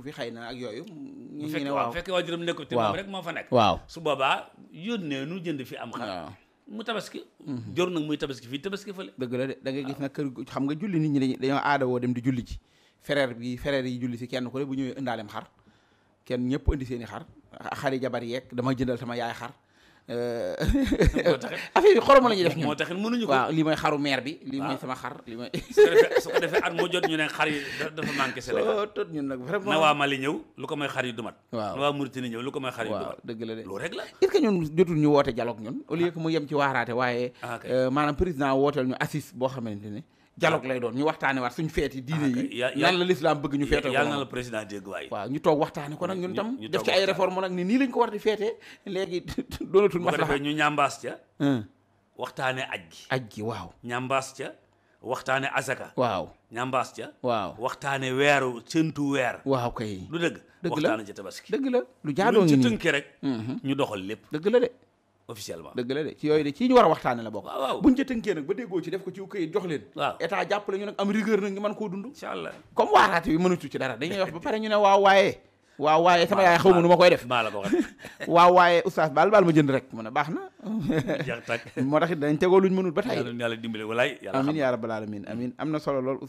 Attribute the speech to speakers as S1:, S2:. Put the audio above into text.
S1: ku fi xëy na ak yooyu. ñu ngi ne waaw bu fekkee waajuram nekkul te moom rek moo fa nekk. waaw su boobaa yónnee nu jënd fi am. xar mu tabaski. Mhm. jor nag muy tabaski fii tabaski fële. dëgg la de da ngay
S2: gis nag kër xam nga julli nit ñi dañu aada woo dem di julli ci fereer bi fereer yi julli si kenn ko ne bu ñëwee indaaleem xar kenn ñëpp indi seen i xar xari jabar yeek dama jëndal sama yaay xar Euh, affaire yi xorom la ñuy def ñun moo taxin mënuñu ko waaw lii may xaru meer bi lii mooy sama
S1: xar lii mooy su ko defee at moo jot ñu ne xar yi dafa manqué Sénégal oh, tot ñun nag vraiment na waa Mali ñëw lu ko may xar yu dumat waaw na waa Mauritanie ñëw lu ko may xar yu dumat dëgg la de loolu rek la ñun
S2: jotul ñu woote dialogue ñun au lieu ah. que mu yem ci waaraate waaye ah, euh, maanaam président wooteel ñu assise boo xamante ne dialogue lay doon ñu waxtaane waat suñu feet ah, yi diine yi lan la lislaam bëgg ñu feete ko yàlla na la
S1: président dégg waay waaw ñu toog waxtaane ko nag ñun tam def ci ay réforme nag ni nii lañ ko war di feetee léegi doonatul maslaxa ñu ñambaas ca waxtaane aj gi aj gi waaw ñambaas ca waxtaane asaka waaw ñambaas ca waaw waxtaane weer séntu weer waaw kay lu dëgg dëgg la waxtaane ca tabaski dëgg la lu jaadoo ngi nii rek ñu doxal lépp dëgg la de
S2: officiellement dëgg la de ci yooyu de ci ñu war a waxtaane la bokk waaw buñ ca tënkee nag ba déggoo ci def ko ci këyit jox leen waaw état jàppale ñu nag am rigueur nag ñu mën koo dund comme waaraate bi mënutu ci dara dañuy wax ba pare ñu ne waaw waaye waaw waaye sama yaay xaw ma nu ma koy def waaw waaye oustaz baal baal ma jënd rek mu ne baax na
S1: moo
S2: tax dañ tegoo luñ mënul ba
S1: tey amin
S2: yaa rabbal alamin amin am na solo lool